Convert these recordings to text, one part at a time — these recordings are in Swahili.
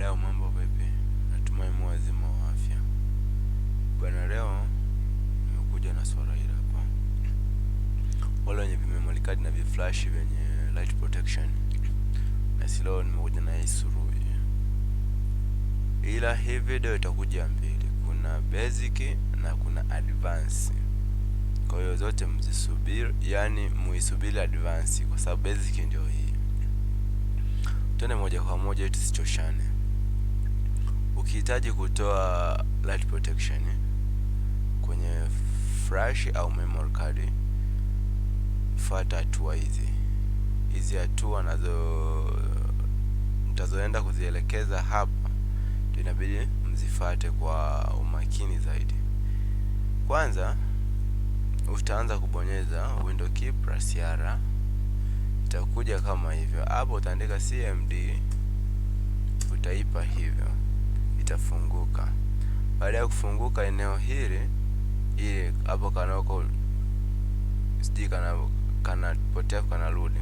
Wadau mambo vipi? Natumai mu wazima wa afya bwana. Leo nimekuja na swala hili hapa. Wale wenye memory card na viflash vyenye light protection, nasi leo nimekuja na hii suluhu, ila hii video itakuja mbili, kuna basic na kuna advance. Kwa hiyo zote mzisubiri, yani muisubiri advance, kwa sababu basic ndio hii. Tuende moja kwa moja tusichoshane ukihitaji kutoa light protection kwenye flash au memory card, fuata hatua hizi. Hizi hatua nazo mtazoenda kuzielekeza hapa, ndio inabidi mzifate kwa umakini zaidi. Kwanza utaanza kubonyeza window key plus R, itakuja kama hivyo hapo. Utaandika cmd, utaipa hivyo litafunguka. Baada ya kufunguka eneo hili ili hapo kanako sijui kana kanapotea kanarudi,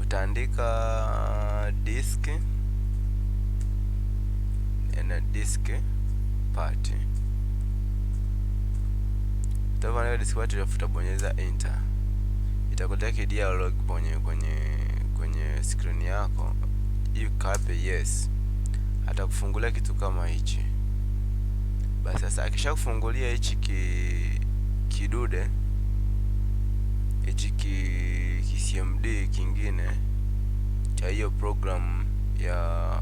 utaandika disk na disk part utakuwa disk part, utafuta bonyeza enter, itakuletea kidialog kwenye kwenye kwenye screen yako, ikape yes atakufungulia kitu kama hichi. Basi sasa akishakufungulia hichi ki kidude hichi ki, ki CMD kingine cha hiyo program ya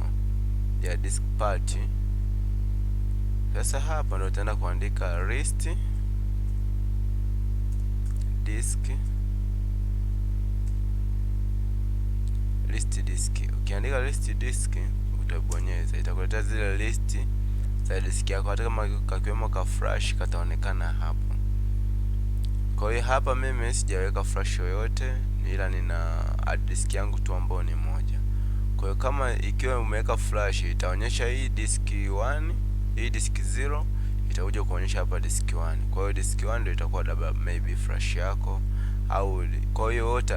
ya disk part. Sasa hapa ndio utaenda kuandika list disk list disk. Ukiandika list disk utabonyeza utafuta zile listi za diski yako, hata kama kakiwemo ka flash kataonekana hapo. Kwa hiyo hapa mimi sijaweka flash yoyote, ila nina hard disk yangu tu ambayo ni moja. Kwa hiyo kama ikiwa umeweka flash itaonyesha hii disk 1, hii disk 0 itakuja kuonyesha hapa disk 1. Kwa hiyo disk 1 ndio itakuwa labda maybe flash yako au kwa hiyo wote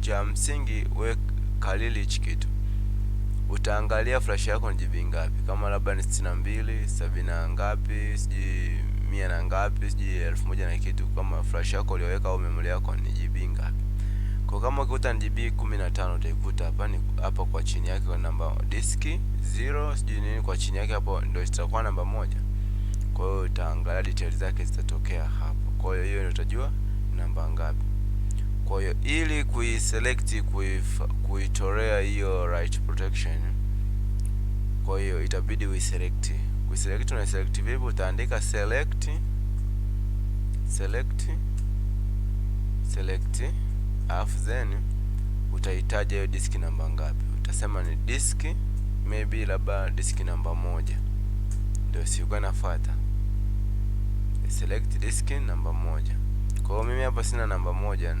cha msingi we kalili hichi kitu utaangalia flash yako ni GB ngapi, kama labda ni sitini na mbili sabini na ngapi sijui mia na ngapi sijui elfu moja na kitu, kama flash yako ulioweka au memory yako ni GB ngapi. Kwa kama ukikuta ni GB 15 utaikuta hapa ni hapa kwa chini yake kwa namba disk 0 sijui nini kwa chini yake hapo ndio itakuwa namba moja. Kwa hiyo utaangalia details zake zitatokea hapo. Kwa hiyo hiyo ndio utajua namba ngapi. Kwa hiyo ili kuiselect kuitorea hiyo right protection, kwa hiyo itabidi uiselect. Kuiselect na select vipi? Utaandika select select select, alafu then utahitaji hiyo disk namba ngapi? Utasema ni disk maybe labda disk namba moja, ndio siuka nafuata select disk namba moja. Kwa hiyo mimi hapa sina namba moja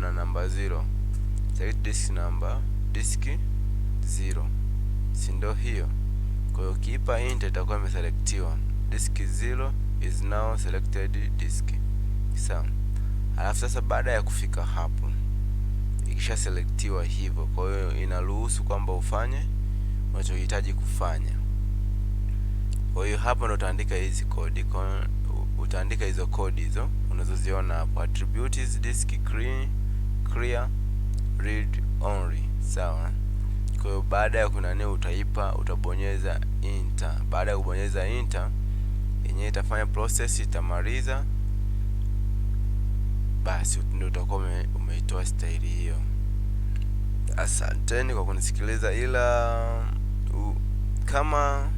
na namba zero, select disk number, disk zero, si ndio hiyo? Kwa hiyo ukiipa enter itakuwa imeselectiwa. Disk zero is now selected disk, sawa. Alafu sasa baada ya kufika hapo ikishaselektiwa hivyo, kwa hiyo inaruhusu kwamba ufanye unachohitaji kufanya. Kwa hiyo hapo ndo utaandika hizi kodi, utaandika hizo kodi hizo unazoziona hapo attributes disk clear read only sawa. Kwa hiyo baada ya kunani utaipa utabonyeza enter. Baada ya kubonyeza enter, yenyewe itafanya process, itamaliza basi, ndio utakuwa umeitoa staili hiyo. Asanteni kwa kunisikiliza, ila u, kama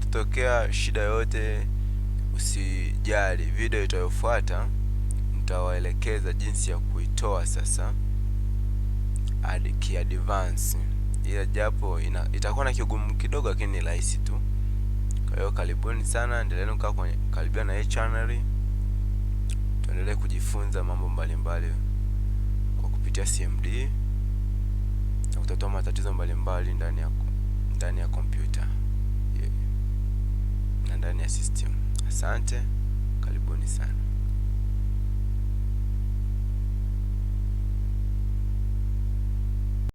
tutokea shida yote usijali, video itayofuata tutawaelekeza jinsi ya kuitoa sasa ki advance, ila japo itakuwa na kigumu kidogo, lakini ni rahisi tu. Kwa hiyo karibuni sana, endeleeni kukaa kwenye karibia na hii channel, tuendelee kujifunza mambo mbalimbali mbali kwa kupitia CMD na kutatua matatizo mbalimbali ndani ya ndani ya kompyuta yeah, na ndani ya system. Asante, karibuni sana.